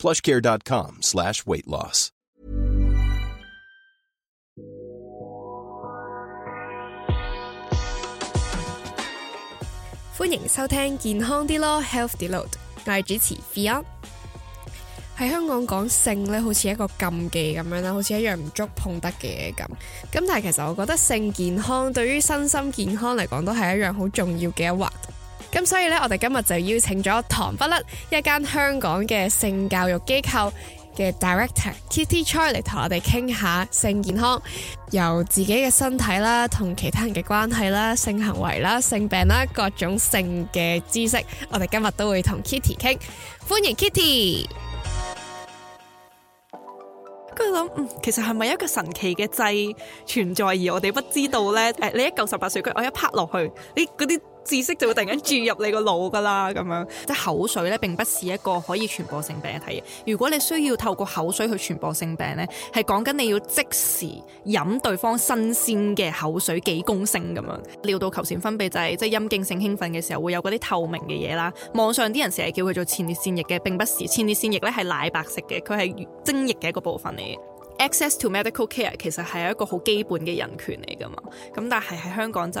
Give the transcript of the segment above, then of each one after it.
Plushcare.com/slash/weightloss。歡迎收聽健康啲咯，Healthy 啲咯。我係主持 Fiona。喺香港講性咧，好似一個禁忌咁樣啦，好似一樣唔觸碰得嘅咁。咁但係其實我覺得性健康對於身心健康嚟講，都係一樣好重要嘅一環。咁所以咧，我哋今日就邀請咗糖不甩，一間香港嘅性教育機構嘅 director，Kitty Choi 嚟同我哋傾下性健康，由自己嘅身體啦，同其他人嘅關係啦，性行為啦，性病啦，各種性嘅知識，我哋今日都會同 Kitty 傾，歡迎 Kitty。咁我諗，嗯，其實係咪一個神奇嘅掣存在而我哋不知道咧？誒，你一嚿十八歲骨，我一拍落去，你嗰啲。知識就會突然間注入你個腦噶啦，咁樣 即口水咧，並不是一個可以傳播性病嘅體液。如果你需要透過口水去傳播性病咧，係講緊你要即時飲對方新鮮嘅口水幾公升咁樣。尿道球腺分泌就係，即陰莖性興奮嘅時候會有嗰啲透明嘅嘢啦。網上啲人成日叫佢做前列腺液嘅，並不是。前列腺液咧，係奶白色嘅，佢係精液嘅一個部分嚟嘅。 Access to medical care 其實係一個好基本嘅人權嚟噶嘛，咁但係喺香港就。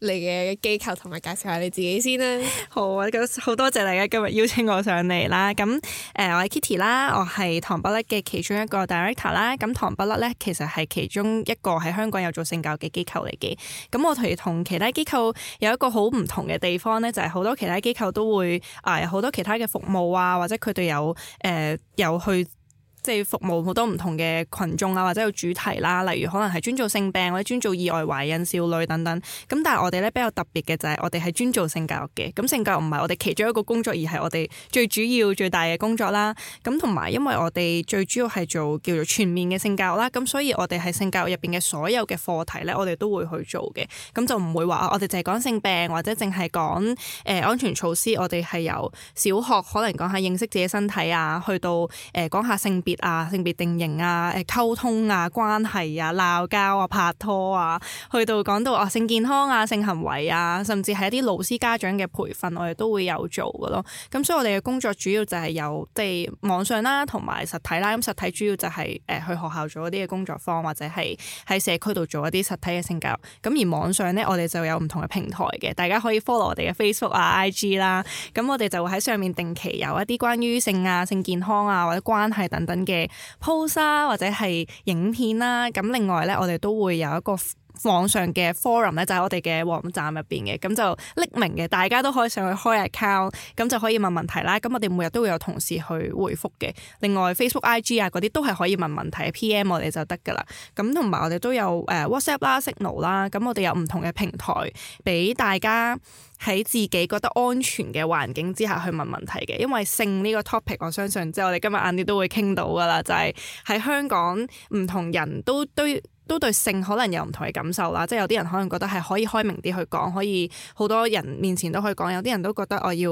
嚟嘅機構同埋介紹下你自己先啦。好，我覺得好多謝大家今日邀請我上嚟啦。咁誒、呃，我係 Kitty 啦，我係糖不甩嘅其中一個 director 啦。咁糖不甩咧，其實係其中一個喺香港有做性教嘅機構嚟嘅。咁我同其他機構有一個好唔同嘅地方咧，就係、是、好多其他機構都會誒好、呃、多其他嘅服務啊，或者佢哋有誒、呃、有去。即係服務好多唔同嘅群眾啊，或者有主題啦，例如可能係專做性病或者專做意外懷孕少女等等。咁但係我哋咧比較特別嘅就係我哋係專做性教育嘅。咁性教育唔係我哋其中一個工作，而係我哋最主要、最大嘅工作啦。咁同埋因為我哋最主要係做叫做全面嘅性教育啦。咁所以我哋係性教育入邊嘅所有嘅課題咧，我哋都會去做嘅。咁就唔會話我哋淨係講性病或者淨係講誒安全措施。我哋係由小學可能講下認識自己身體啊，去到誒講下性啊，性別定型啊，誒，溝通啊，關係啊，鬧交啊，拍拖啊，去到講到啊，性健康啊，性行為啊，甚至係一啲老師家長嘅培訓，我哋都會有做嘅咯。咁所以我哋嘅工作主要就係有，即係網上啦，同埋實體啦。咁實體主要就係誒去學校做一啲嘅工作坊，或者係喺社區度做一啲實體嘅性教育。咁而網上咧，我哋就有唔同嘅平台嘅，大家可以 follow 我哋嘅 Facebook 啊、IG 啦。咁我哋就會喺上面定期有一啲關於性啊、性健康啊或者關係等等。嘅 poster 或者係影片啦，咁另外咧，我哋都會有一個網上嘅 forum 咧就喺我哋嘅網站入邊嘅，咁就匿名嘅，大家都可以上去開 account，咁就可以問問題啦。咁我哋每日都會有同事去回覆嘅。另外 Facebook、IG 啊嗰啲都係可以問問題，PM 我哋就得噶啦。咁同埋我哋都有誒 WhatsApp 啦、Signal 啦，咁我哋有唔同嘅平台俾大家喺自己覺得安全嘅環境之下去問問題嘅。因為性呢個 topic，我相信即係我哋今日晏啲都會傾到噶啦，就係喺香港唔同人都都。都都對性可能有唔同嘅感受啦，即係有啲人可能覺得係可以開明啲去講，可以好多人面前都可以講；有啲人都覺得我要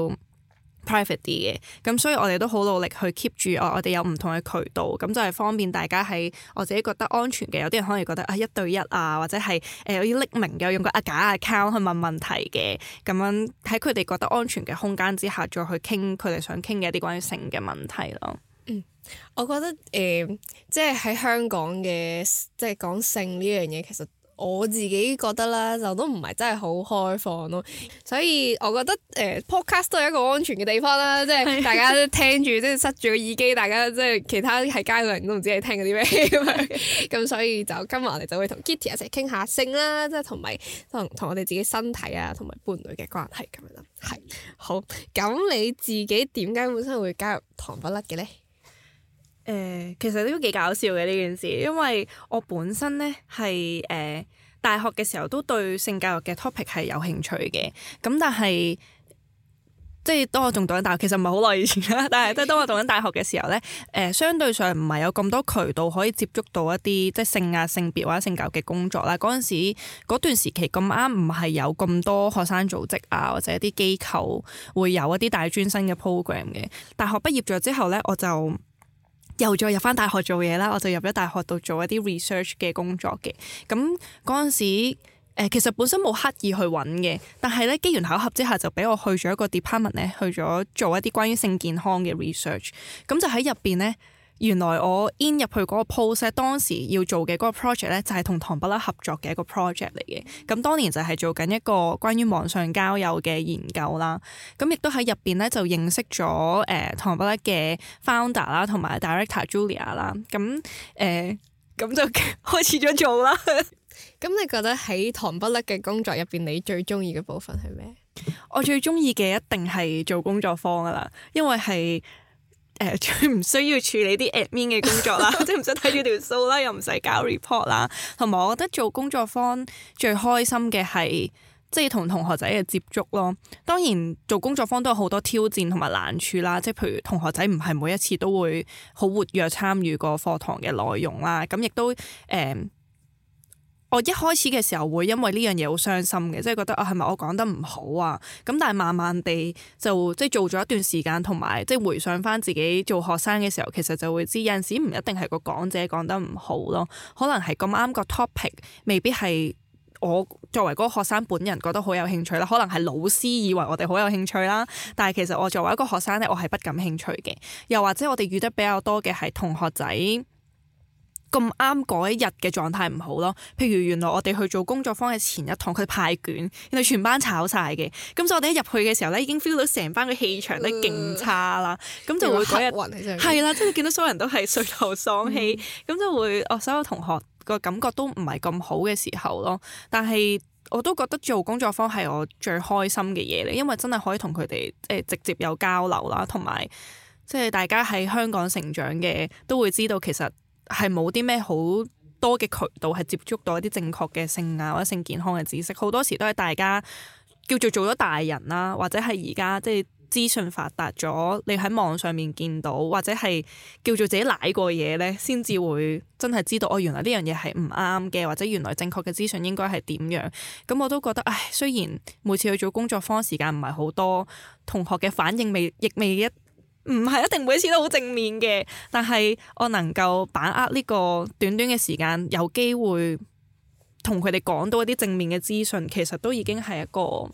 private 啲嘅，咁所以我哋都好努力去 keep 住我，我哋有唔同嘅渠道，咁就係方便大家喺我自己覺得安全嘅；有啲人可能覺得啊一對一啊，或者係誒、呃、我要匿名嘅，用個假 account 去問問題嘅，咁樣喺佢哋覺得安全嘅空間之下，再去傾佢哋想傾嘅一啲關於性嘅問題咯。我覺得誒、呃，即係喺香港嘅，即係講性呢樣嘢，其實我自己覺得啦，就都唔係真係好開放咯。所以我覺得誒、呃，podcast 都係一個安全嘅地方啦，即係大家都聽住， 即係塞住個耳機，大家即係其他喺街度嗰陣都唔知你聽嗰啲咩咁樣。咁 所以就今日我哋就會同 Kitty 一齊傾下性啦，即係同埋同同我哋自己身體啊，同埋伴侶嘅關係咁樣啦。係 好，咁你自己點解本身會加入糖不甩嘅咧？誒，其實都幾搞笑嘅呢件事，因為我本身呢係誒、呃、大學嘅時候都對性教育嘅 topic 係有興趣嘅，咁但係即係當我仲讀緊大學，其實唔係好耐以前啦，但係即係當我讀緊大學嘅時候呢，誒、 呃、相對上唔係有咁多渠道可以接觸到一啲即係性啊、性別或者性教育嘅工作啦。嗰陣時嗰段時期咁啱唔係有咁多學生組織啊，或者一啲機構會有一啲大專生嘅 program 嘅。大學畢業咗之後呢，我就。又再入返大學做嘢啦，我就入咗大學度做一啲 research 嘅工作嘅。咁嗰陣時，呃，其實本身冇刻意去揾嘅，但係咧機緣巧合之下就俾我去咗一個 department 咧，去咗做一啲關於性健康嘅 research。咁就喺入邊咧。原來我 in 入去嗰個 post 當時要做嘅嗰個 project 咧，就係同糖不甩合作嘅一個 project 嚟嘅。咁當年就係做緊一個關於網上交友嘅研究啦。咁亦都喺入邊咧就認識咗誒、呃、糖不甩嘅 founder 啦，同埋 director Julia 啦。咁誒咁就開始咗做啦。咁 你覺得喺糖不甩嘅工作入邊，你最中意嘅部分係咩？我最中意嘅一定係做工作坊噶啦，因為係。誒、呃、最唔需要處理啲 admin 嘅工作啦， 即係唔使睇住條數啦，又唔使搞 report 啦。同埋我覺得做工作坊最開心嘅係即係同同學仔嘅接觸咯。當然做工作坊都有好多挑戰同埋難處啦，即係譬如同學仔唔係每一次都會好活躍參與個課堂嘅內容啦。咁亦都誒、呃我一開始嘅時候會因為呢樣嘢好傷心嘅，即係覺得啊，係咪我講得唔好啊？咁但係慢慢地就即係做咗一段時間，同埋即係回想返自己做學生嘅時候，其實就會知有陣時唔一定係個講者講得唔好咯，可能係咁啱個 topic 未必係我作為嗰個學生本人覺得好有興趣啦，可能係老師以為我哋好有興趣啦，但係其實我作為一個學生咧，我係不感興趣嘅。又或者我哋遇得比較多嘅係同學仔。咁啱嗰一日嘅狀態唔好咯，譬如原來我哋去做工作坊嘅前一堂，佢派卷，原來全班炒晒嘅，咁所以我哋一入去嘅時候咧，已經 feel 到成班嘅氣場咧勁差啦，咁、呃、就會睇日暈喺上邊，係啦，即係見到所有人都係垂頭喪氣，咁、嗯、就會哦所有同學個感覺都唔係咁好嘅時候咯。但係我都覺得做工作坊係我最開心嘅嘢嚟，因為真係可以同佢哋誒直接有交流啦，同埋即係大家喺香港成長嘅都會知道其實。係冇啲咩好多嘅渠道，係接觸到一啲正確嘅性啊或者性健康嘅知識，好多時都係大家叫做做咗大人啦，或者係而家即係資訊發達咗，你喺網上面見到，或者係叫做自己舐過嘢咧，先至會真係知道哦，原來呢樣嘢係唔啱嘅，或者原來正確嘅資訊應該係點樣？咁我都覺得，唉，雖然每次去做工作坊時間唔係好多，同學嘅反應未亦未一。唔係一定每一次都好正面嘅，但係我能夠把握呢個短短嘅時間，有機會同佢哋講到一啲正面嘅資訊，其實都已經係一個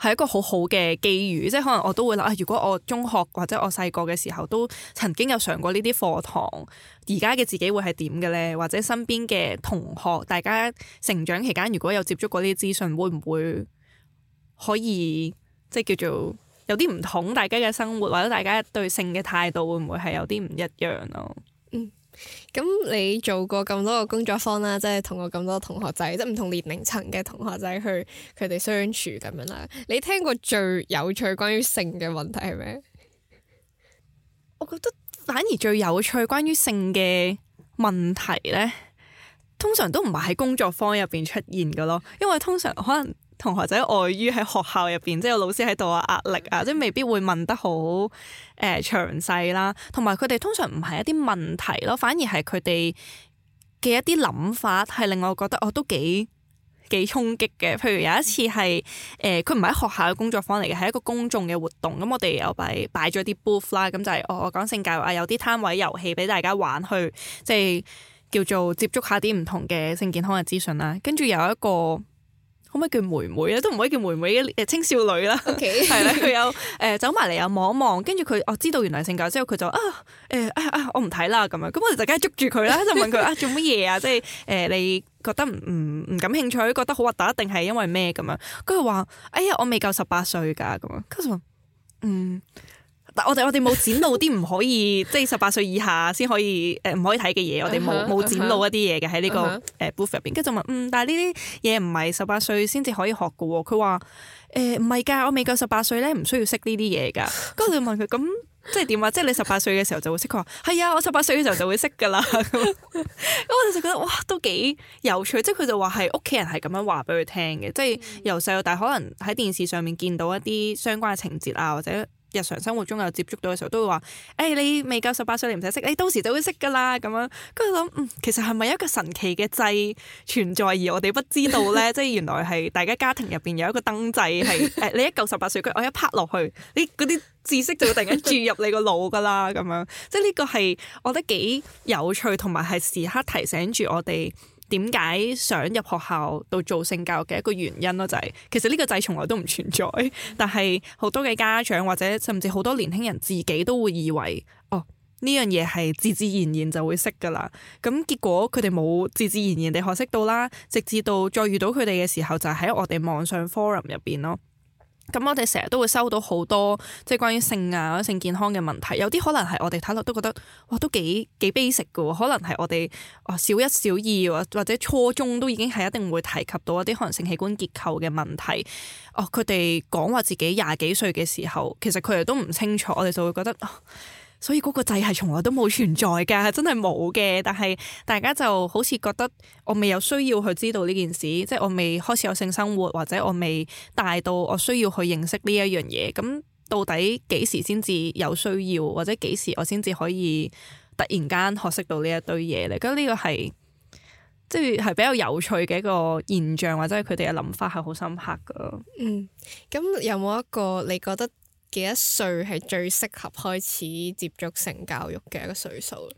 係一個好好嘅機遇。即係可能我都會諗，如果我中學或者我細個嘅時候都曾經有上過呢啲課堂，而家嘅自己會係點嘅呢？或者身邊嘅同學，大家成長期間如果有接觸過呢啲資訊，會唔會可以即係叫做？有啲唔同，大家嘅生活或者大家對性嘅態度會唔會係有啲唔一樣咯啊？嗯，咁你做過咁多個工作坊啦，即係同過咁多同學仔，即係唔同年齡層嘅同學仔去佢哋相處咁樣啦。你聽過最有趣關於性嘅問題係咩？我覺得反而最有趣關於性嘅問題呢，通常都唔係喺工作坊入邊出現嘅咯，因為通常可能。同學仔礙於喺學校入邊，即係有老師喺度啊，壓力啊，即係未必會問得好誒、呃、詳細啦。同埋佢哋通常唔係一啲問題咯，反而係佢哋嘅一啲諗法，係令我覺得我、哦、都幾幾衝擊嘅。譬如有一次係誒，佢唔係喺學校嘅工作坊嚟嘅，係一個公眾嘅活動。咁我哋又擺擺咗啲 booth 啦，就是，咁就係我講性教育啊，有啲攤位遊戲俾大家玩，去即係、就是、叫做接觸下啲唔同嘅性健康嘅資訊啦。跟住有一個。可唔可以叫妹妹咧？都唔可以叫妹妹嘅，誒，青少女啦，係啦 Okay.，佢有誒、呃、走埋嚟啊，望一望，跟住佢，我知道原來性格之後，佢就啊，誒、呃、啊啊，我唔睇啦咁樣，咁我哋就梗係捉住佢啦， 就問佢啊，做乜嘢啊？即係誒、呃，你覺得唔唔唔感興趣？覺得好核突？定係因為咩咁樣？佢話哎呀，我未夠十八歲噶咁樣。佢就話嗯。我哋我哋冇展露啲唔可以， 即係十八歲以下先可以，誒、呃、唔可以睇嘅嘢，uh、huh, 我哋冇冇展露一啲嘢嘅喺呢個誒 booth 入邊。跟住、uh huh. 呃、就問，嗯，但係呢啲嘢唔係十八歲先至可以學嘅、哦。佢話，誒唔係噶，我未夠十八歲咧，唔需要識呢啲嘢噶。跟住 問佢，咁即係點啊？即係你十八歲嘅時候就會識。佢話係啊，我十八歲嘅時候就會識噶啦。咁 我就覺得哇，都幾有趣。即係佢就話係屋企人係咁樣話俾佢聽嘅， 即係由細到大可能喺電視上面見到一啲相關嘅情節啊，或者。日常生活中有接觸到嘅時候，都會話：誒、欸，你未夠十八歲，你唔使識，你到時就會識噶啦。咁樣，跟住諗，其實係咪一個神奇嘅掣存在而我哋不知道咧？ 即係原來係大家家庭入邊有一個燈掣，係、欸、誒，你一夠十八歲，佢我一拍落去，你嗰啲知識就會突然間注入你個腦噶啦。咁樣，即係呢個係我覺得幾有趣，同埋係時刻提醒住我哋。點解想入學校度做性教育嘅一個原因咯，就係，就係其實呢個制從來都唔存在，但係好多嘅家長或者甚至好多年輕人自己都會以為，哦，呢樣嘢係自自然然就會識噶啦，咁結果佢哋冇自自然然地學識到啦，直至到再遇到佢哋嘅時候，就喺我哋網上 forum 入邊咯。咁我哋成日都會收到好多即係關於性啊、性健康嘅問題，有啲可能係我哋睇落都覺得哇，都幾幾 basic 嘅喎，可能係我哋哦小一、小二或或者初中都已經係一定會提及到一啲可能性器官結構嘅問題。哦，佢哋講話自己廿幾歲嘅時候，其實佢哋都唔清楚，我哋就會覺得。哦所以嗰個掣係從來都冇存在㗎，真係冇嘅。但係大家就好似覺得我未有需要去知道呢件事，即係我未開始有性生活，或者我未大到我需要去認識呢一樣嘢。咁到底幾時先至有需要，或者幾時我先至可以突然間學識到呢一堆嘢咧？覺得呢個係即係比較有趣嘅一個現象，或者係佢哋嘅諗法係好深刻噶。嗯，咁有冇一個你覺得？幾多歲係最適合開始接觸性教育嘅一個歲數？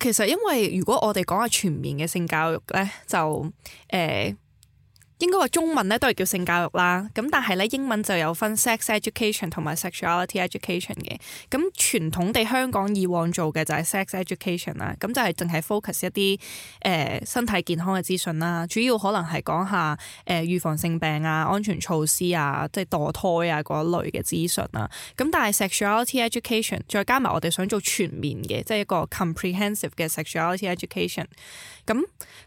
其實因為如果我哋講下全面嘅性教育咧，就誒。欸應該話中文咧都係叫性教育啦，咁但係咧英文就有分 sex education 同埋 sexuality education 嘅。咁傳統地香港以往做嘅就係 sex education 啦，咁就係淨係 focus 一啲誒身體健康嘅資訊啦，主要可能係講下誒預防性病啊、安全措施啊、即係墮胎啊嗰一類嘅資訊啦。咁但係 sexuality education 再加埋我哋想做全面嘅，即係一個 comprehensive 嘅 sexuality education。咁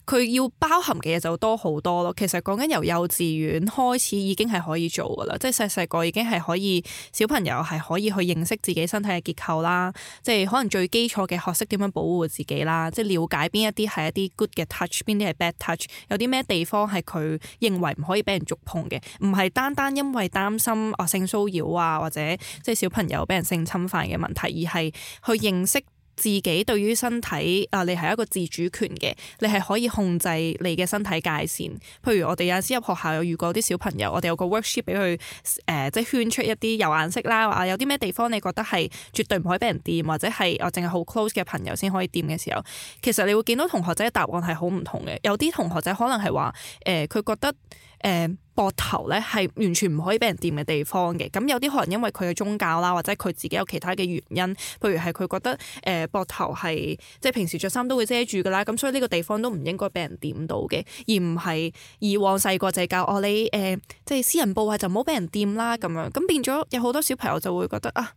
佢要包含嘅嘢就多好多咯。其實講緊由幼稚園開始已經係可以做噶啦，即係細細個已經係可以小朋友係可以去認識自己身體嘅結構啦。即係可能最基礎嘅學識點樣保護自己啦。即係瞭解邊一啲係一啲 good 嘅 touch，邊啲係 bad touch，有啲咩地方係佢認為唔可以俾人觸碰嘅，唔係單單因為擔心性騷擾啊，或者即係小朋友俾人性侵犯嘅問題，而係去認識。自己對於身體，啊，你係一個自主權嘅，你係可以控制你嘅身體界線。譬如我哋有時入學校有遇過啲小朋友，我哋有個 workshop 俾佢，誒、呃，即係圈出一啲油顏色啦，啊，有啲咩地方你覺得係絕對唔可以俾人掂，或者係我淨係好 close 嘅朋友先可以掂嘅時候，其實你會見到同學仔嘅答案係好唔同嘅。有啲同學仔可能係話，誒、呃，佢覺得，誒、呃。膊頭咧係完全唔可以俾人掂嘅地方嘅。咁有啲可能因為佢嘅宗教啦，或者佢自己有其他嘅原因，譬如係佢覺得誒，膊頭係即係平時着衫都會遮住噶啦。咁所以呢個地方都唔應該俾人掂到嘅，而唔係以往細個、哦呃、就教我你，誒即係私人部位就唔好俾人掂啦咁樣。咁變咗有好多小朋友就會覺得啊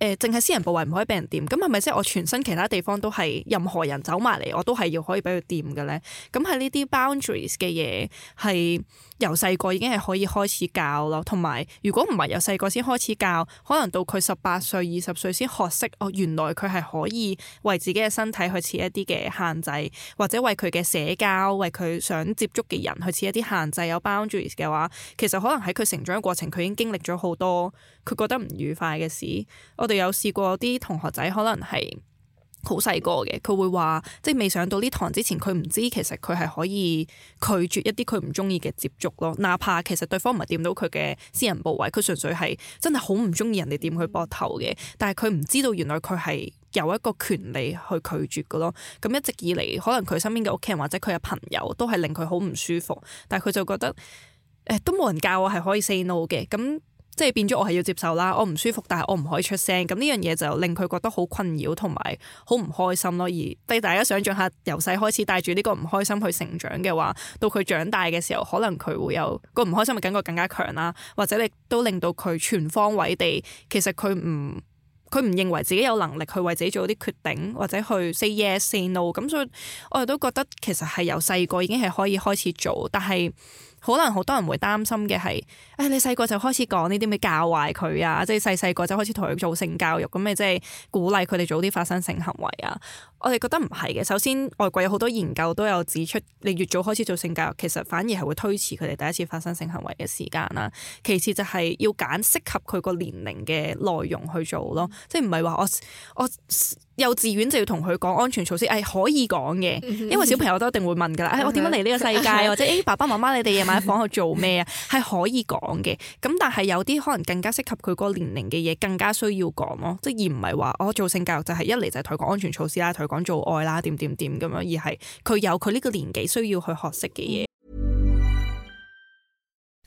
誒，淨、呃、係私人部位唔可以俾人掂。咁係咪即係我全身其他地方都係任何人走埋嚟我都係要可以俾佢掂嘅咧？咁係呢啲 boundaries 嘅嘢係。由細個已經係可以開始教咯，同埋如果唔係由細個先開始教，可能到佢十八歲、二十歲先學識哦。原來佢係可以為自己嘅身體去設一啲嘅限制，或者為佢嘅社交、為佢想接觸嘅人去設一啲限制。有 boundaries 嘅話，其實可能喺佢成長嘅過程，佢已經經歷咗好多佢覺得唔愉快嘅事。我哋有試過啲同學仔，可能係。好細個嘅，佢會話即係未上到呢堂之前，佢唔知其實佢係可以拒絕一啲佢唔中意嘅接觸咯。哪怕其實對方唔係掂到佢嘅私人部位，佢純粹係真係好唔中意人哋掂佢膊頭嘅。但係佢唔知道原來佢係有一個權利去拒絕㗎咯。咁一直以嚟，可能佢身邊嘅屋企人或者佢嘅朋友都係令佢好唔舒服，但係佢就覺得誒，都冇人教我係可以 say no 嘅咁。即係變咗，我係要接受啦。我唔舒服，但係我唔可以出聲。咁呢樣嘢就令佢覺得好困擾，同埋好唔開心咯。而俾大家想象下，由細開始帶住呢個唔開心去成長嘅話，到佢長大嘅時候，可能佢會有個唔開心嘅感覺更加強啦。或者你都令到佢全方位地，其實佢唔佢唔認為自己有能力去為自己做啲決定，或者去 say yes say no。咁所以我哋都覺得其實係由細個已經係可以開始做，但係。可能好多人會擔心嘅係，誒、哎、你細個就開始講呢啲，咩教壞佢啊！即係細細個就開始同佢做性教育，咁咪即係鼓勵佢哋早啲發生性行為啊！我哋覺得唔係嘅。首先，外國有好多研究都有指出，你越早開始做性教育，其實反而係會推遲佢哋第一次發生性行為嘅時間啦。其次就係要揀適合佢個年齡嘅內容去做咯，即係唔係話我我。我我幼稚園就要同佢講安全措施，係、哎、可以講嘅，因為小朋友都一定會問噶啦、 哎。我點樣嚟呢個世界，或者誒，爸爸媽媽你哋夜晚喺房度做咩啊？係 可以講嘅。咁但係有啲可能更加適合佢嗰個年齡嘅嘢，更加需要講咯，即而唔係話我做性教育就係一嚟就係同佢講安全措施啦，同佢講做愛啦，點點點咁樣，而係佢有佢呢個年紀需要去學識嘅嘢。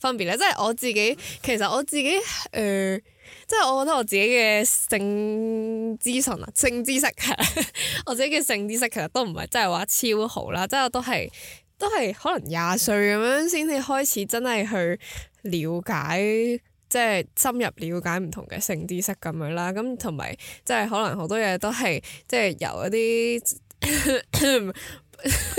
分別咧，即係我自己，其實我自己，誒、呃，即係我覺得我自己嘅性資訊啊，性知識， 我自己嘅性知識其實都唔係真係話超好啦，即係都係都係可能廿歲咁樣先至開始真係去了解，即係深入了解唔同嘅性知識咁樣啦，咁同埋即係可能好多嘢都係即係由一啲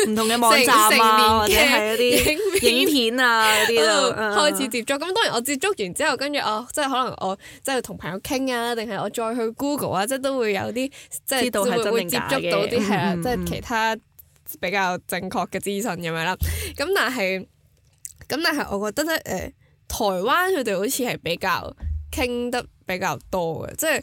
唔同嘅網站啊，或者係嗰啲影片啊嗰啲咯， 開始接觸。咁當然我接觸完之後，跟住哦，即係可能我即係同朋友傾啊，定係我再去 Google 啊，即係都會有啲即係會接觸到啲係啊，即係其他比較正確嘅資訊咁樣啦。咁 但係咁但係，我覺得咧，誒、呃，台灣佢哋好似係比較傾得比較多嘅，即係。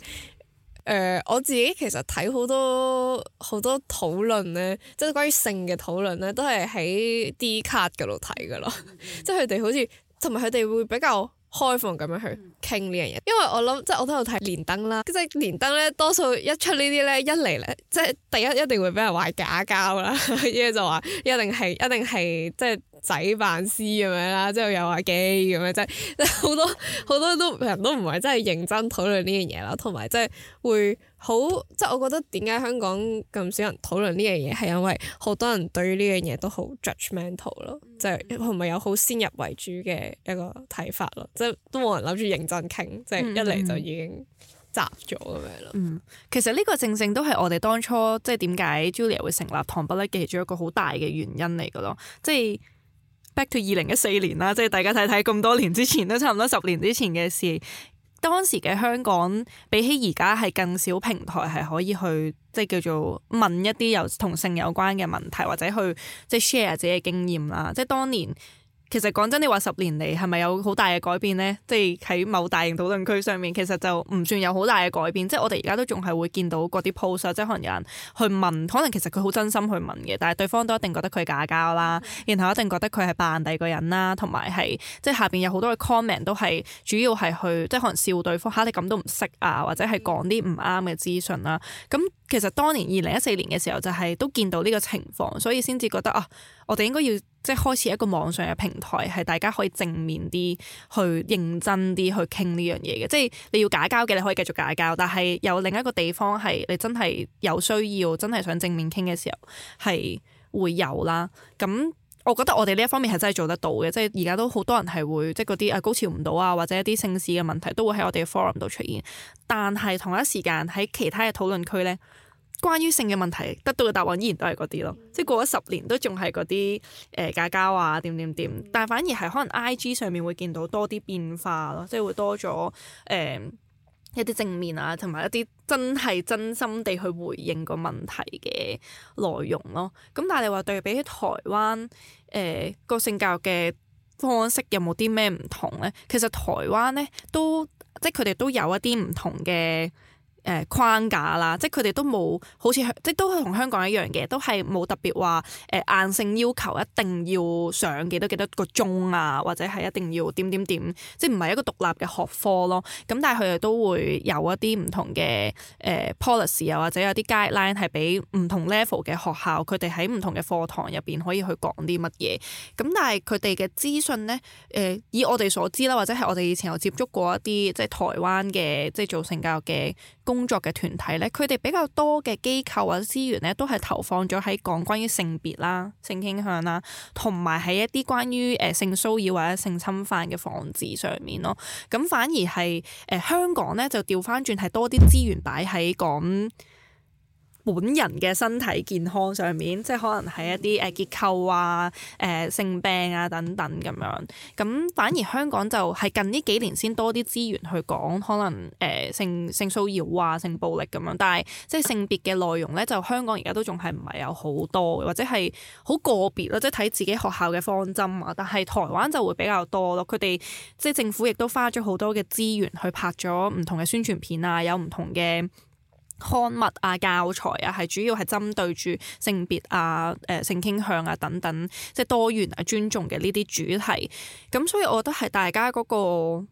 誒、呃、我自己其實睇好多好多討論咧，即係關於性嘅討論咧，都係喺 Dcard 嗰度睇噶咯。Mm hmm. 即係佢哋好似同埋佢哋會比較開放咁樣去傾呢樣嘢，因為我諗即係我都有睇連登啦。即係連登咧，多數一出呢啲咧，一嚟咧，即係第一一定會俾人話假交啦，一就話一定係一定係即係。仔扮師咁樣啦，之後又話機咁樣，即係即係好多好多都人都唔係真係認真討論呢樣嘢啦，同埋即係會好即係我覺得點解香港咁少人討論呢樣嘢，係因為好多人對於呢樣嘢都好 judgmental 咯，即係係咪有好先入為主嘅一個睇法咯，即係都冇人諗住認真傾，即係、嗯嗯嗯、一嚟就已經雜咗咁樣咯。其實呢個正正都係我哋當初即係點解 Julia 會成立糖不甩嘅其中一個好大嘅原因嚟嘅咯，即係。Back to 二零一四年啦，即係大家睇睇咁多年之前都差唔多十年之前嘅事，當時嘅香港比起而家係更少平台係可以去，即係叫做問一啲有同性有關嘅問題，或者去即係 share 自己嘅經驗啦，即係當年。其實講真，你話十年嚟係咪有好大嘅改變呢？即係喺某大型討論區上面，其實就唔算有好大嘅改變。即係我哋而家都仲係會見到嗰啲 post，即係可能有人去問，可能其實佢好真心去問嘅，但係對方都一定覺得佢假交啦，嗯、然後一定覺得佢係扮第二個人啦，同埋係即係下邊有好多嘅 comment 都係主要係去即係可能笑對方，吓，你咁都唔識啊？或者係講啲唔啱嘅資訊啦咁。其實當年二零一四年嘅時候，就係都見到呢個情況，所以先至覺得啊，我哋應該要即係開始一個網上嘅平台，係大家可以正面啲去認真啲去傾呢樣嘢嘅。即係你要打交嘅，你可以繼續打交，但係有另一個地方係你真係有需要，真係想正面傾嘅時候，係會有啦。咁。我覺得我哋呢一方面係真係做得到嘅，即係而家都好多人係會即係嗰啲啊高潮唔到啊，或者一啲性事嘅問題都會喺我哋嘅 forum 度出現。但係同一時間喺其他嘅討論區咧，關於性嘅問題得到嘅答案依然都係嗰啲咯，即係過咗十年都仲係嗰啲誒假交啊點點點。但係反而係可能 IG 上面會見到多啲變化咯，即係會多咗誒。呃一啲正面啊，同埋一啲真係真心地去回應個問題嘅內容咯。咁但係你話對比起台灣，誒、呃、個性教育嘅方式有冇啲咩唔同咧？其實台灣咧都即係佢哋都有一啲唔同嘅。誒、呃、框架啦，即係佢哋都冇好似即係都係同香港一樣嘅，都係冇特別話誒、呃、硬性要求一定要上幾多幾多個鐘啊，或者係一定要點點點，即係唔係一個獨立嘅學科咯。咁但係佢哋都會有一啲唔同嘅誒、呃、policy，又或者有啲 guideline 係俾唔同 level 嘅學校，佢哋喺唔同嘅課堂入邊可以去講啲乜嘢。咁但係佢哋嘅資訊咧，誒、呃、以我哋所知啦，或者係我哋以前有接觸過一啲即係台灣嘅即係做性教育嘅。工作嘅團體咧，佢哋比較多嘅機構或者資源咧，都係投放咗喺講關於性別啦、性傾向啦，同埋喺一啲關於誒性騷擾或者性侵犯嘅防治上面咯。咁反而係誒、呃、香港咧，就調翻轉係多啲資源擺喺講本人嘅身體健康上面，即係可能係一啲誒結構啊、誒、呃、性病啊等等咁樣。咁反而香港就係近呢幾年先多啲資源去講，可能誒、呃、性性騷擾啊、性暴力咁樣。但係即係性別嘅內容咧，就香港而家都仲係唔係有好多，或者係好個別咯，即係睇自己學校嘅方針啊。但係台灣就會比較多咯，佢哋即係政府亦都花咗好多嘅資源去拍咗唔同嘅宣傳片啊，有唔同嘅。刊物啊、教材啊，係主要係針對住性別啊、誒、呃、性傾向啊等等，即係多元啊、尊重嘅呢啲主題。咁所以，我覺得係大家嗰個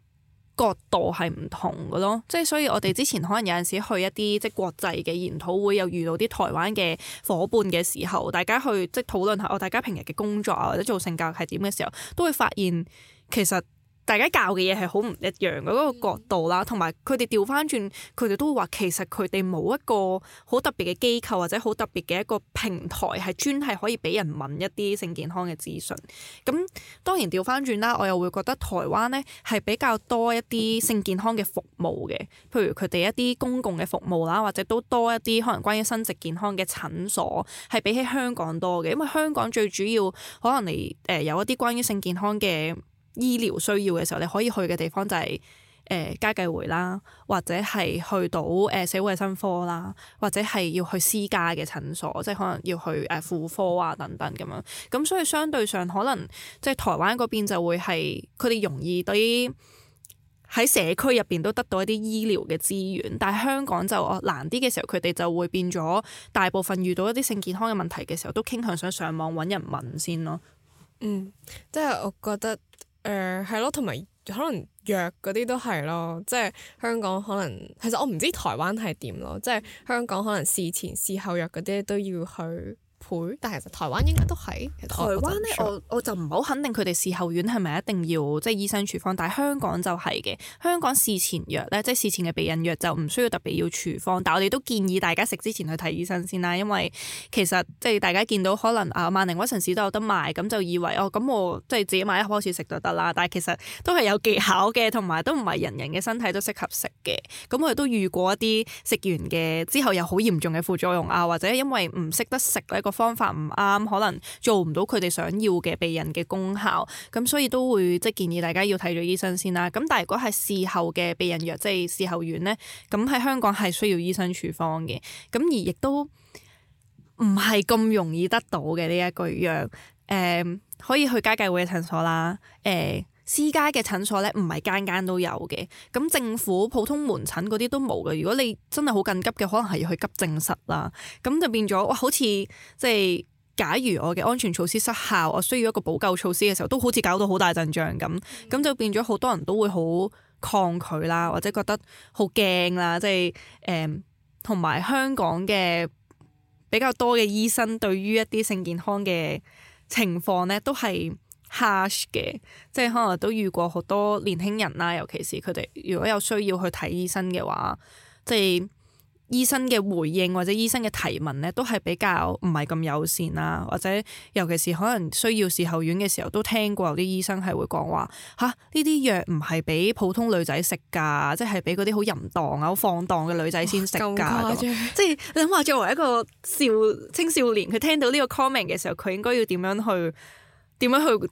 角度係唔同嘅咯。即係所以，我哋之前可能有陣時去一啲即係國際嘅研討會，又遇到啲台灣嘅伙伴嘅時候，大家去即係討論下，我大家平日嘅工作啊，或者做性教育係點嘅時候，都會發現其實。大家教嘅嘢係好唔一樣嘅嗰個角度啦，同埋佢哋調翻轉，佢哋都會話其實，佢哋冇一個好特別嘅機構或者好特別嘅一個平台係專係可以俾人問一啲性健康嘅資訊。咁當然調翻轉啦，我又會覺得台灣咧，係比較多一啲性健康嘅服務嘅，譬如佢哋一啲公共嘅服務啦，或者都多一啲可能關於生殖健康嘅診所係比起香港多嘅，因為香港最主要可能你誒有一啲關於性健康嘅。醫療需要嘅時候，你可以去嘅地方就係誒家計會啦，或者係去到誒社會衞生科啦，或者係要去私家嘅診所，即係可能要去誒婦科啊等等咁樣。咁所以相對上可能即係台灣嗰邊就會係佢哋容易對於喺社區入邊都得到一啲醫療嘅資源，但係香港就難啲嘅時候，佢哋就會變咗大部分遇到一啲性健康嘅問題嘅時候，都傾向想上網揾人問先咯。嗯，即係我覺得。誒係咯，同埋、呃、可能藥嗰啲都係咯，即係香港可能其實我唔知台灣係點咯，嗯，即係香港可能事前事後藥嗰啲都要去。但係其實台灣應該都係。台灣呢，我我就唔好肯定佢哋事後丸係咪一定要即係、就是、醫生處方，但係香港就係嘅。香港事前藥呢，即係事前嘅避孕藥就唔需要特別要處方，但係我哋都建議大家食之前去睇醫生先啦，因為其實即係大家見到可能啊萬寧、屈臣氏都有得賣，咁就以為哦咁我即係自己買一開始食就得啦。但係其實都係有技巧嘅，同埋都唔係人人嘅身體都適合食嘅。咁我哋都遇過一啲食完嘅之後有好嚴重嘅副作用啊，或者因為唔識得食呢個。方法唔啱，可能做唔到佢哋想要嘅避孕嘅功效，咁所以都會即係建議大家要睇咗醫生先啦。咁但係如果係事後嘅避孕藥，即係事後丸咧，咁喺香港係需要醫生處方嘅，咁而亦都唔係咁容易得到嘅呢一句藥誒，可以去家計會嘅診所啦。誒。私家嘅診所咧，唔係間間都有嘅。咁政府普通門診嗰啲都冇嘅。如果你真係好緊急嘅，可能係要去急症室啦。咁就變咗，哇，好似即係，假如我嘅安全措施失效，我需要一個補救措施嘅時候，都好似搞到好大陣仗咁。咁、嗯、就變咗好多人都會好抗拒啦，或者覺得好驚啦。即係誒，同、呃、埋香港嘅比較多嘅醫生對於一啲性健康嘅情況咧，都係。harsh 嘅，即係可能都遇過好多年輕人啦，尤其是佢哋如果有需要去睇醫生嘅話，即係醫生嘅回應或者醫生嘅提問咧，都係比較唔係咁友善啦。或者尤其是可能需要事後院嘅時候，都聽過有啲醫生係會講話吓呢啲藥唔係俾普通女仔食噶，即係俾嗰啲好淫蕩啊、好放蕩嘅女仔先食噶。即係你諗下，作為一個少青少年，佢聽到呢個 comment 嘅時候，佢應該要點樣去點樣去？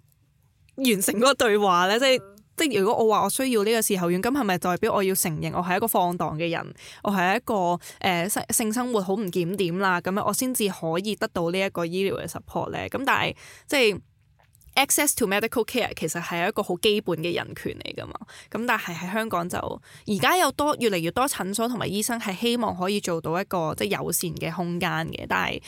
完成嗰個對話咧，即係即係如果我話我需要呢個事後丸，係咪代表我要承認我係一個放蕩嘅人，我係一個誒、呃、性生活好唔檢點啦，咁樣我先至可以得到呢一個醫療嘅 support 咧？咁但係即係 access to medical care 其實係一個好基本嘅人權嚟㗎嘛？咁但係喺香港就而家有多越嚟越多診所同埋醫生係希望可以做到一個即係友善嘅空間嘅，但係。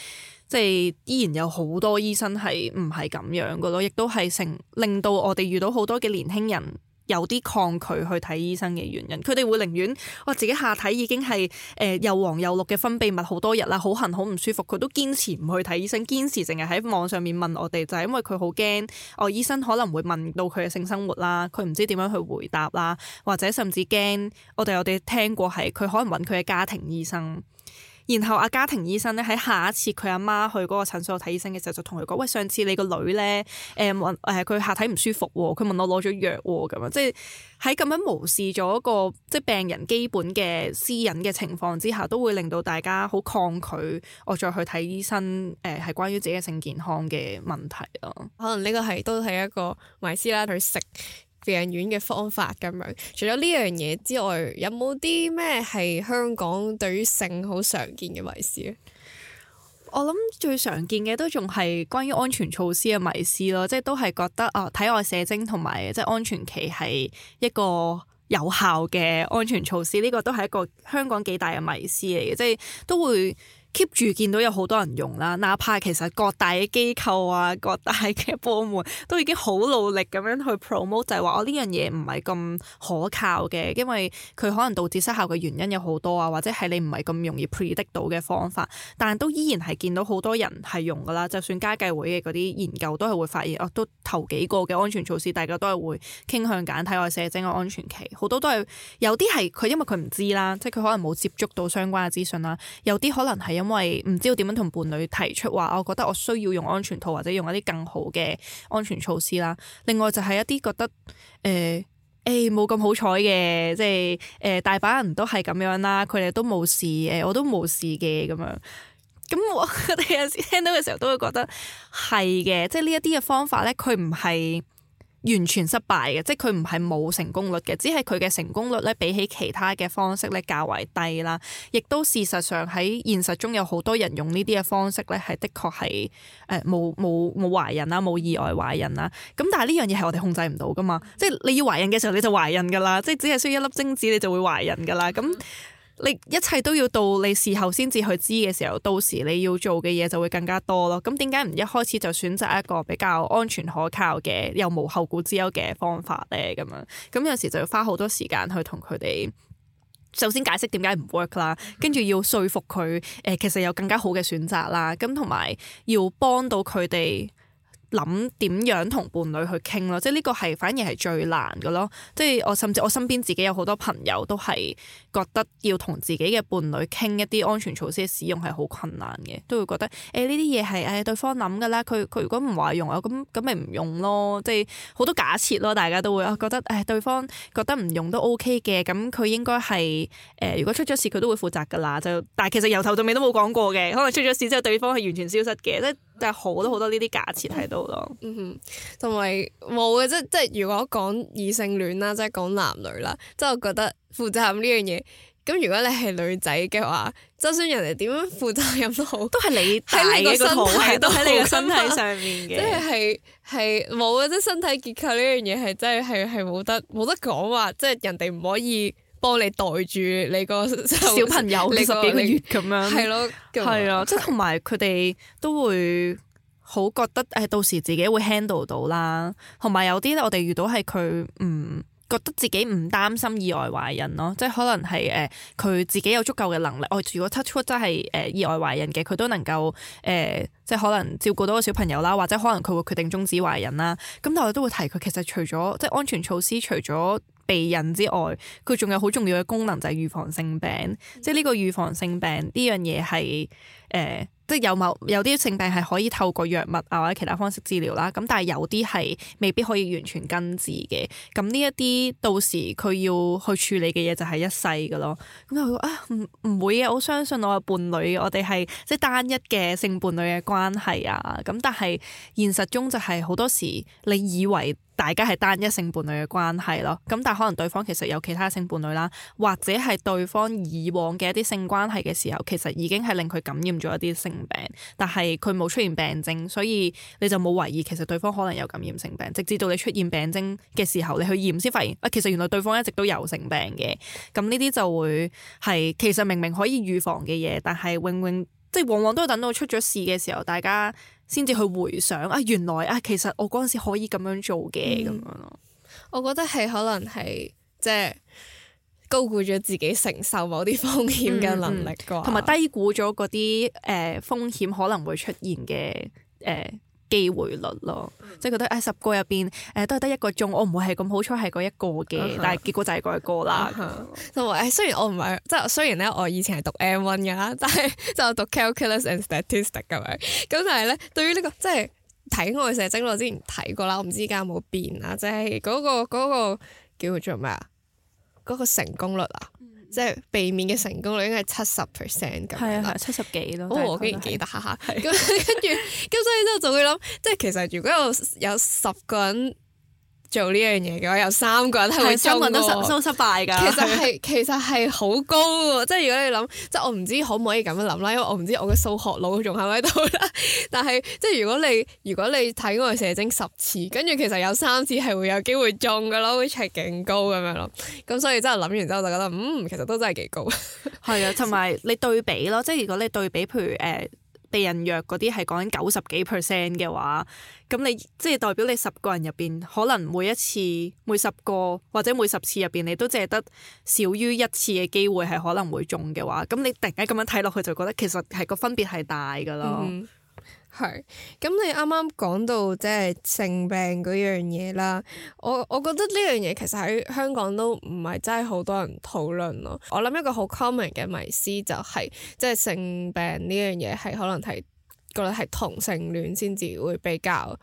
即係依然有好多醫生係唔係咁樣嘅咯，亦都係成令到我哋遇到好多嘅年輕人有啲抗拒去睇醫生嘅原因。佢哋會寧願話、哦、自己下體已經係誒、呃、又黃又綠嘅分泌物好多日啦，好痕好唔舒服，佢都堅持唔去睇醫生，堅持淨係喺網上面問我哋就係、是、因為佢好驚，我、哦、醫生可能會問到佢嘅性生活啦，佢唔知點樣去回答啦，或者甚至驚我哋我哋聽過係佢可能揾佢嘅家庭醫生，然後阿家庭醫生咧，喺下一次佢阿媽去嗰個診所睇醫生嘅時候，就同佢講：喂，上次你個女咧，誒問佢下體唔舒服喎，佢問我攞咗藥喎，咁啊，即係喺咁樣無視咗一個即係病人基本嘅私隱嘅情況之下，都會令到大家好抗拒我再去睇醫生誒，係、呃、關於自己嘅性健康嘅問題咯。可能呢個係都係一個迷思啦，去食。病院嘅方法咁樣，除咗呢樣嘢之外，有冇啲咩係香港對於性好常見嘅迷思咧？我諗最常見嘅都仲係關於安全措施嘅迷思咯，即係都係覺得啊、哦，體外射精同埋即係安全期係一個有效嘅安全措施，呢個都係一個香港幾大嘅迷思嚟嘅，即係都會。keep 住見到有好多人用啦，哪怕其實各大嘅機構啊、各大嘅部門都已經好努力咁樣去 promote，就係話哦，呢樣嘢唔係咁可靠嘅，因為佢可能導致失效嘅原因有好多啊，或者係你唔係咁容易 predict 到嘅方法，但都依然係見到好多人係用㗎啦。就算家計會嘅嗰啲研究都係會發現哦，都頭幾個嘅安全措施，大家都係會傾向揀體外射精嘅安全期，好多都係有啲係佢因為佢唔知啦，即係佢可能冇接觸到相關嘅資訊啦，有啲可能係因。因為唔知道點樣同伴侶提出話，我覺得我需要用安全套或者用一啲更好嘅安全措施啦。另外就係一啲覺得誒誒冇咁好彩嘅，即係誒大把人都係咁樣啦，佢哋都冇事，誒我都冇事嘅咁樣。咁我哋有時聽到嘅時候都會覺得係嘅，即係呢一啲嘅方法咧，佢唔係。完全失敗嘅，即係佢唔係冇成功率嘅，只係佢嘅成功率咧比起其他嘅方式咧較為低啦。亦都事實上喺現實中有好多人用呢啲嘅方式咧係的確係誒冇冇冇懷孕啦，冇意外懷孕啦。咁但係呢樣嘢係我哋控制唔到㗎嘛，即係你要懷孕嘅時候你就懷孕㗎啦，即係只係需要一粒精子你就會懷孕㗎啦咁。你一切都要到你事後先至去知嘅時候，到時你要做嘅嘢就會更加多咯。咁點解唔一開始就選擇一個比較安全可靠嘅又無後顧之憂嘅方法呢？咁樣，咁有時就要花好多時間去同佢哋首先解釋點解唔 work 啦，跟住、mm hmm. 要說服佢，誒其實有更加好嘅選擇啦。咁同埋要幫到佢哋。諗點樣同伴侶去傾咯，即係呢個係反而係最難嘅咯。即係我甚至我身邊自己有好多朋友都係覺得要同自己嘅伴侶傾一啲安全措施嘅使用係好困難嘅，都會覺得誒呢啲嘢係誒對方諗㗎啦。佢佢如果唔話用啊，咁咁咪唔用咯。即係好多假設咯，大家都會啊覺得誒、欸、對方覺得唔用都 OK 嘅，咁佢應該係誒、呃、如果出咗事佢都會負責㗎啦。就但係其實由頭到尾都冇講過嘅，可能出咗事之後對方係完全消失嘅，即但係好多好多呢啲假設喺度咯，嗯哼，同埋冇嘅，即即係如果講異性戀啦，即係講男女啦，即係我覺得負責任呢樣嘢，咁如果你係女仔嘅話，就算人哋點樣負責任都好，都係你喺你個身體，都喺你個身體上面嘅，即係係係冇嘅，即身體結構呢樣嘢係真係係係冇得冇得講話，即係人哋唔可以。幫你袋住你個小朋友六十幾個月咁樣，係咯，係啊，即係同埋佢哋都會好覺得誒，到時自己會 handle 到啦。同埋有啲咧，我哋遇到係佢唔嗯覺得自己唔擔心意外懷孕咯，即係可能係誒佢自己有足夠嘅能力。哦，如果 touch wood 真係誒、呃、意外懷孕嘅，佢都能夠誒、呃，即係可能照顧到個小朋友啦，或者可能佢會決定中止懷孕啦。咁但係我都會提佢，其實除咗即係安全措施，除咗避孕之外，佢仲有好重要嘅功能就係預防性病。嗯、即係呢個預防性病呢樣嘢係誒。這個即有某有啲性病係可以透過藥物啊或者其他方式治療啦，咁但係有啲係未必可以完全根治嘅。咁呢一啲到時佢要去處理嘅嘢就係一世嘅咯。咁佢話啊唔，唔會啊，我相信我嘅伴侶我，我哋係即係單一嘅性伴侶嘅關係啊。咁但係現實中就係好多時你以為。大家係單一性伴侶嘅關係咯，咁但係可能對方其實有其他性伴侶啦，或者係對方以往嘅一啲性關係嘅時候，其實已經係令佢感染咗一啲性病，但係佢冇出現病徵，所以你就冇懷疑其實對方可能有感染性病，直至到你出現病徵嘅時候，你去驗先發現啊，其實原來對方一直都有性病嘅，咁呢啲就會係其實明明可以預防嘅嘢，但係永遠即係往往都等到出咗事嘅時候，大家。先至去回想啊，原來啊，其實我嗰陣時可以咁樣做嘅咁、嗯、樣咯。我覺得係可能係即係高估咗自己承受某啲風險嘅能力同埋、嗯嗯、啩低估咗嗰啲誒風險可能會出現嘅誒，呃機會率咯，即係覺得誒、哎、十個入邊誒都係得一個中，我唔會係咁好彩係嗰一個嘅，uh huh. 但係結果就係嗰一個啦。就話誒，雖然我唔係即係雖然咧，我以前係讀 M one 嘅啦，但係就讀 calculus and statistics 咁樣，咁但係咧對於呢、這個即係體外射精，我，我之前睇過啦，我唔知依家有冇變啊，即係嗰、那個嗰、那個、那個、叫做咩啊，嗰、那個成功率啊。即係避免嘅成功率應該係、啊、七十 percent 咁，係啊，七十幾咯。哦，我竟然記得下下，咁跟住，咁 所以之後就會諗，即係其實如果有十個人，做呢樣嘢嘅話，有三個人係會中嘅喎，三個人都失都失敗㗎。其實係其實係好高喎，即係 如果你諗，即係我唔知可唔可以咁樣諗啦，因為我唔知我嘅數學腦仲喺咪度啦。但係即係如果你如果你睇我射精十次，跟住其實有三次係會有機會中嘅咯，which 係勁高咁樣咯。咁所以真係諗完之後就覺得，嗯，其實都真係幾高。係啊， 同埋你對比咯，即係如果你對比，譬如誒，呃避孕藥嗰啲係講緊九十幾 percent 嘅話，咁你即係、就是、代表你十個人入邊，可能每一次每十個或者每十次入邊，你都淨係得少於一次嘅機會係可能會中嘅話，咁你突然間咁樣睇落去就覺得其實係個分別係大噶咯。嗯係，咁你啱啱講到即係性病嗰樣嘢啦，我我覺得呢樣嘢其實喺香港都唔係真係好多人討論咯。我諗一個好 common 嘅迷思就係，即係性病呢樣嘢係可能係覺得係同性戀先至會比較，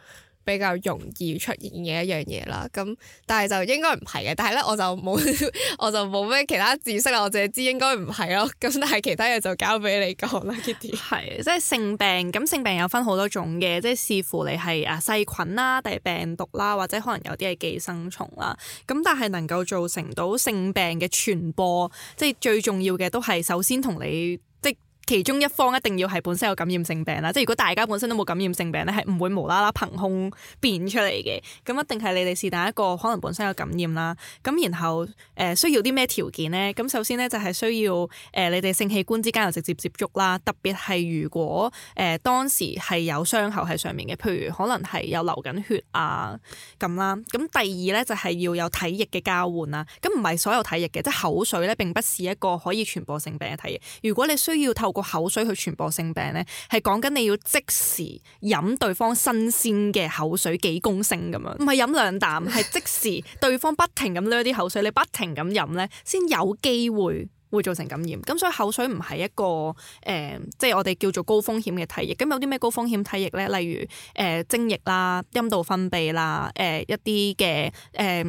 比較容易出現嘅一樣嘢啦，咁但係就應該唔係嘅，但係咧我就冇 我就冇咩其他知識啊，我淨係知應該唔係咯。咁但係其他嘢就交俾你講啦，Kitty。係，即係性病，咁性病有分好多種嘅，即係視乎你係啊細菌啦，定係病毒啦，或者可能有啲係寄生蟲啦。咁但係能夠造成到性病嘅傳播，即係最重要嘅都係首先同你。其中一方一定要係本身有感染性病啦，即係如果大家本身都冇感染性病咧，係唔會無啦啦憑空變出嚟嘅，咁一定係你哋是但一個可能本身有感染啦。咁然後誒、呃、需要啲咩條件咧？咁首先咧就係、是、需要誒、呃、你哋性器官之間有直接接觸啦，特別係如果誒、呃、當時係有傷口喺上面嘅，譬如可能係有流緊血啊咁啦。咁第二咧就係、是、要有體液嘅交換啦。咁唔係所有體液嘅，即係口水咧，並不是一個可以傳播性病嘅體液。如果你需要透過口水去傳播性病咧，係講緊你要即時飲對方新鮮嘅口水幾公升咁樣，唔係飲兩啖，係即時對方不停咁甩啲口水，你不停咁飲咧，先有機會會造成感染。咁所以口水唔係一個誒、呃，即係我哋叫做高風險嘅體液。咁有啲咩高風險體液咧？例如誒、呃、精液啦、陰道分泌啦、誒、呃、一啲嘅誒。呃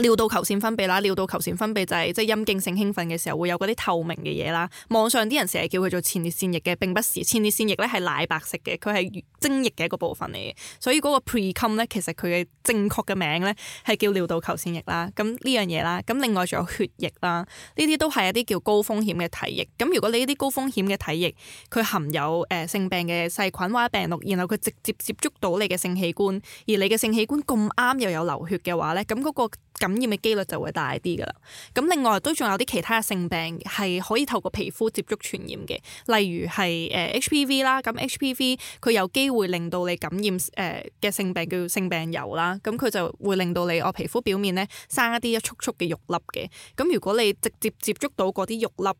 尿道球腺分泌啦，尿道球腺分泌就係即係陰莖性興奮嘅時候會有嗰啲透明嘅嘢啦。網上啲人成日叫佢做前列腺液嘅，並不是前列腺液咧係奶白色嘅，佢係精液嘅一個部分嚟嘅。所以嗰個 precome 咧，come, 其實佢嘅正確嘅名咧係叫尿道球腺液啦。咁呢樣嘢啦，咁另外仲有血液啦，呢啲都係一啲叫高風險嘅體液。咁如果你呢啲高風險嘅體液，佢含有誒、呃、性病嘅細菌或者病毒，然後佢直接接觸到你嘅性器官，而你嘅性器官咁啱又有流血嘅話咧，咁嗰、個。感染嘅機率就會大啲噶啦，咁另外都仲有啲其他嘅性病係可以透過皮膚接觸傳染嘅，例如係誒 HPV 啦，咁 HPV 佢有機會令到你感染誒嘅性病叫做性病疣啦，咁佢就會令到你我皮膚表面咧生一啲一簇簇嘅肉粒嘅，咁如果你直接接觸到嗰啲肉粒。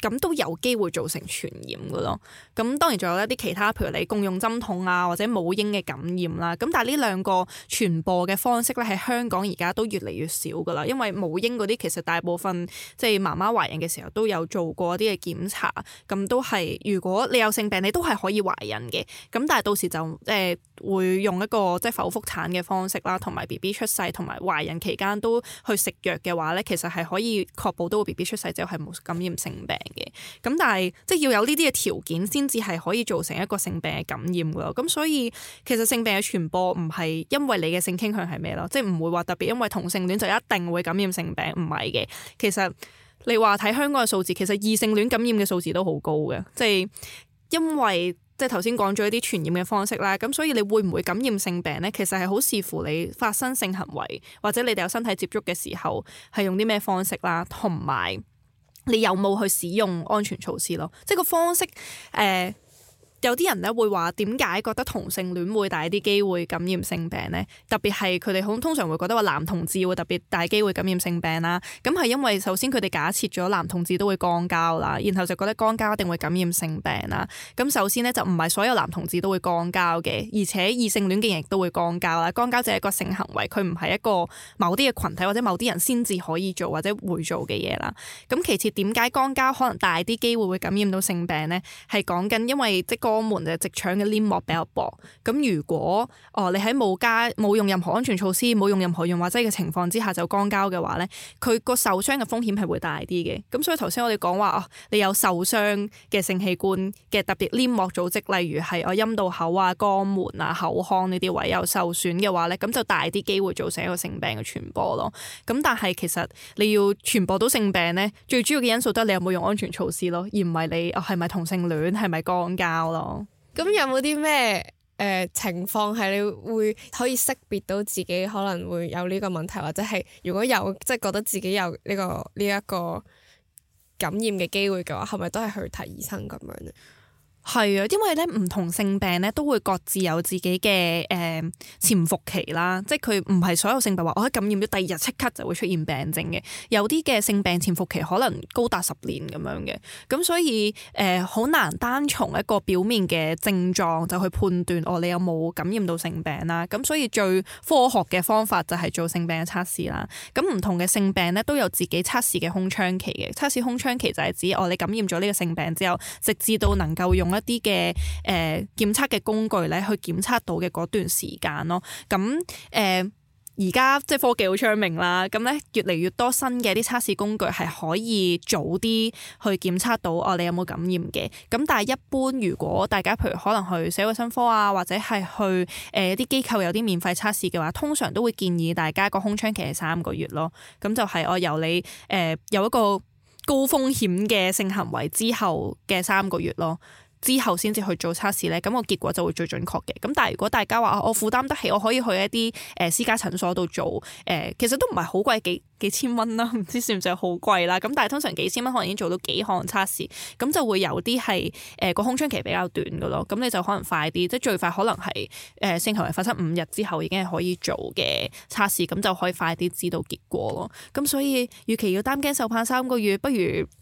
咁都有機會造成傳染噶咯，咁當然仲有一啲其他，譬如你共用針筒啊，或者母嬰嘅感染啦。咁但係呢兩個傳播嘅方式咧，喺香港而家都越嚟越少噶啦，因為母嬰嗰啲其實大部分即係媽媽懷孕嘅時候都有做過一啲嘅檢查，咁都係如果你有性病，你都係可以懷孕嘅。咁但係到時就誒、呃、會用一個即係剖腹產嘅方式啦，同埋 B B 出世，同埋懷孕期間都去食藥嘅話咧，其實係可以確保到個 B B 出世之後係冇感染性病嘅，咁但係即係要有呢啲嘅條件，先至係可以造成一個性病嘅感染噶咯。咁所以其實性病嘅傳播唔係因為你嘅性傾向係咩咯，即係唔會話特別因為同性戀就一定會感染性病，唔係嘅。其實你話睇香港嘅數字，其實異性戀感染嘅數字都好高嘅，即係因為即係頭先講咗一啲傳染嘅方式啦。咁所以你會唔會感染性病咧？其實係好視乎你發生性行為或者你哋有身體接觸嘅時候係用啲咩方式啦，同埋。你有冇去使用安全措施咯？即係個方式，誒、呃。有啲人咧會話點解覺得同性戀會大啲機會感染性病呢？特別係佢哋好通常會覺得話男同志會特別大機會感染性病啦。咁係因為首先佢哋假設咗男同志都會肛交啦，然後就覺得肛交一定會感染性病啦。咁首先呢，就唔係所有男同志都會肛交嘅，而且異性戀嘅人亦都會肛交啦。肛交就係一個性行為，佢唔係一個某啲嘅群體或者某啲人先至可以做或者會做嘅嘢啦。咁其次點解肛交可能大啲機會會感染到性病呢？係講緊因為即。肛門就直腸嘅黏膜比較薄，咁如果哦你喺冇加冇用任何安全措施，冇用任何潤滑劑嘅情況之下就肛交嘅話咧，佢個受傷嘅風險係會大啲嘅。咁所以頭先我哋講話哦，你有受傷嘅性器官嘅特別黏膜組織，例如係我陰道口啊、肛門啊、口腔呢啲位有受損嘅話咧，咁就大啲機會造成一個性病嘅傳播咯。咁但係其實你要傳播到性病咧，最主要嘅因素都係你有冇用安全措施咯，而唔係你哦係咪同性戀，係咪肛交。咁有冇啲咩誒情況係你會可以識別到自己可能會有呢個問題，或者係如果有即係覺得自己有呢個呢一個感染嘅機會嘅話，係咪都係去睇醫生咁樣咧？係啊，因為咧唔同性病咧都會各自有自己嘅誒潛伏期啦，即係佢唔係所有性病話我一感染咗第二日即刻就會出現病症嘅，有啲嘅性病潛伏期可能高達十年咁樣嘅，咁所以誒好難單從一個表面嘅症狀就去判斷哦你有冇感染到性病啦，咁所以最科學嘅方法就係做性病嘅測試啦。咁唔同嘅性病咧都有自己測試嘅空窗期嘅，測試空窗期就係指哦你感染咗呢個性病之後，直至到能夠用一啲嘅誒檢測嘅工具咧，去檢測到嘅嗰段時間咯。咁誒而家即係科技好昌明啦。咁咧越嚟越多新嘅啲測試工具係可以早啲去檢測到哦。你有冇感染嘅？咁但係一般如果大家譬如可能去社會衞生科啊，或者係去誒一啲機構有啲免費測試嘅話，通常都會建議大家個空窗期係三個月咯。咁就係我由你誒、呃、有一個高風險嘅性行為之後嘅三個月咯。之後先至去做測試咧，咁個結果就會最準確嘅。咁但係如果大家話我負擔得起，我可以去一啲誒私家診所度做，誒、呃、其實都唔係好貴嘅。幾千蚊啦，唔知算唔算好貴啦？咁但係通常幾千蚊可能已經做到幾項測試，咁就會有啲係誒個空窗期比較短嘅咯。咁你就可能快啲，即係最快可能係誒、呃、性行為發生五日之後已經係可以做嘅測試，咁就可以快啲知道結果咯。咁所以，與其要擔驚受怕三個月，不如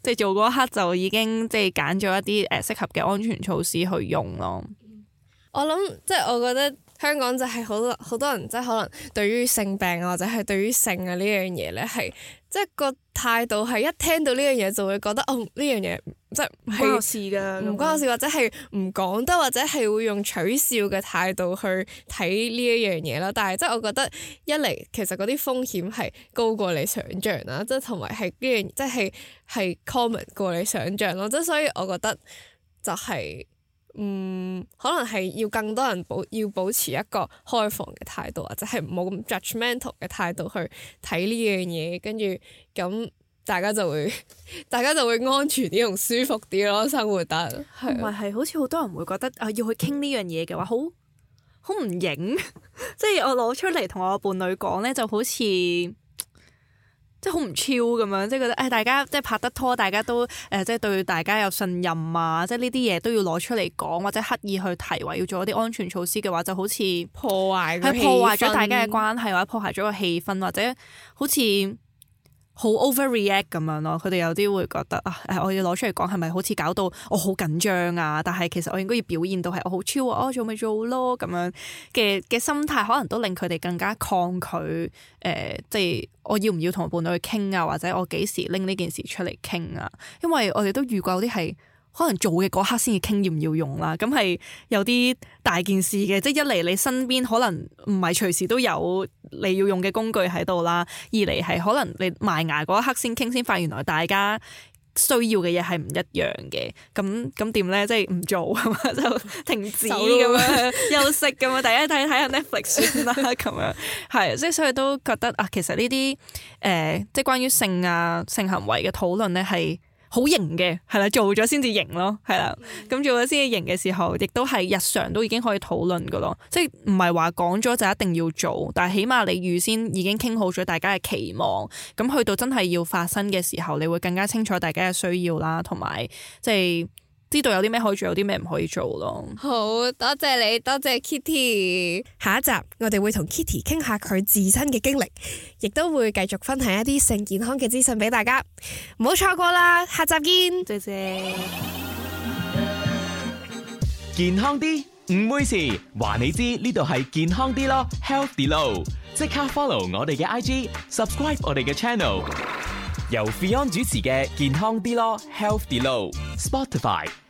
即係做嗰一刻就已經即係揀咗一啲誒適合嘅安全措施去用咯。我諗即係我覺得。香港就係好多好多人，即係可能對於性病啊，或者係對於性啊呢樣嘢咧，係即係個態度係一聽到呢樣嘢就會覺得，哦，呢樣嘢即係唔關我事㗎，唔關我事，或者係唔講得，或者係會用取笑嘅態度去睇呢一樣嘢啦。但係即係我覺得一嚟其實嗰啲風險係高過你想像啦，即係同埋係呢樣即係係 common 過你想像咯，即係所以我覺得就係、是。嗯，可能係要更多人保，要保持一個開放嘅態度，或者係冇咁 judgmental 嘅態度去睇呢樣嘢，跟住咁大家就會，大家就會安全啲同舒服啲咯，生活得唔係係好似好多人會覺得啊、呃，要去傾呢樣嘢嘅話，好好唔影， 即係我攞出嚟同我伴侶講咧，就好似。即係好唔 chill 咁樣，即係覺得誒、哎，大家即係拍得拖，大家都誒、呃，即係對大家有信任啊！即係呢啲嘢都要攞出嚟講，或者刻意去提，或要做一啲安全措施嘅話，就好似破壞，係破壞咗大家嘅關係，或者破壞咗個氣氛，或者好似。好 overreact 咁樣咯，佢哋有啲會覺得啊，我要攞出嚟講，係咪好似搞到我好緊張啊？但係其實我應該要表現到係我好超啊，我、哦、做咪做咯？咁樣嘅嘅心態，可能都令佢哋更加抗拒。誒、呃，即、就、係、是、我要唔要同伴侶去傾啊？或者我幾時拎呢件事出嚟傾啊？因為我哋都遇過啲係。可能做嘅嗰刻先至傾要唔要用啦，咁係有啲大件事嘅，即係一嚟你身邊可能唔係隨時都有你要用嘅工具喺度啦，二嚟係可能你埋牙嗰一刻先傾，先發現原來大家需要嘅嘢係唔一樣嘅，咁咁點咧？即係唔做啊， 就停止咁樣走啦 休息咁嘛， 大家睇睇下 Netflix 算啦，咁樣係，即係所以都覺得啊，其實呢啲誒，即係關於性啊性行為嘅討論咧係。好型嘅，係啦，做咗先至型咯，係啦，咁 做咗先至型嘅時候，亦都係日常都已經可以討論㗎囉，即係唔係話講咗就一定要做，但係起碼你預先已經傾好咗大家嘅期望，咁去到真係要發生嘅時候，你會更加清楚大家嘅需要啦，同埋即係。呢度有啲咩可以做，有啲咩唔可以做咯。好多謝你，多謝 Kitty。下一集我哋會同 Kitty 傾下佢自身嘅經歷，亦都會繼續分享一啲性健康嘅資訊俾大家，唔好錯過啦！下集見，謝謝。健康啲唔會事，話你知呢度係健康啲咯，Healthy Low。即刻 follow 我哋嘅 IG，subscribe 我哋嘅 channel。由 Fion 主持嘅健康啲咯，Healthy Low，Spotify。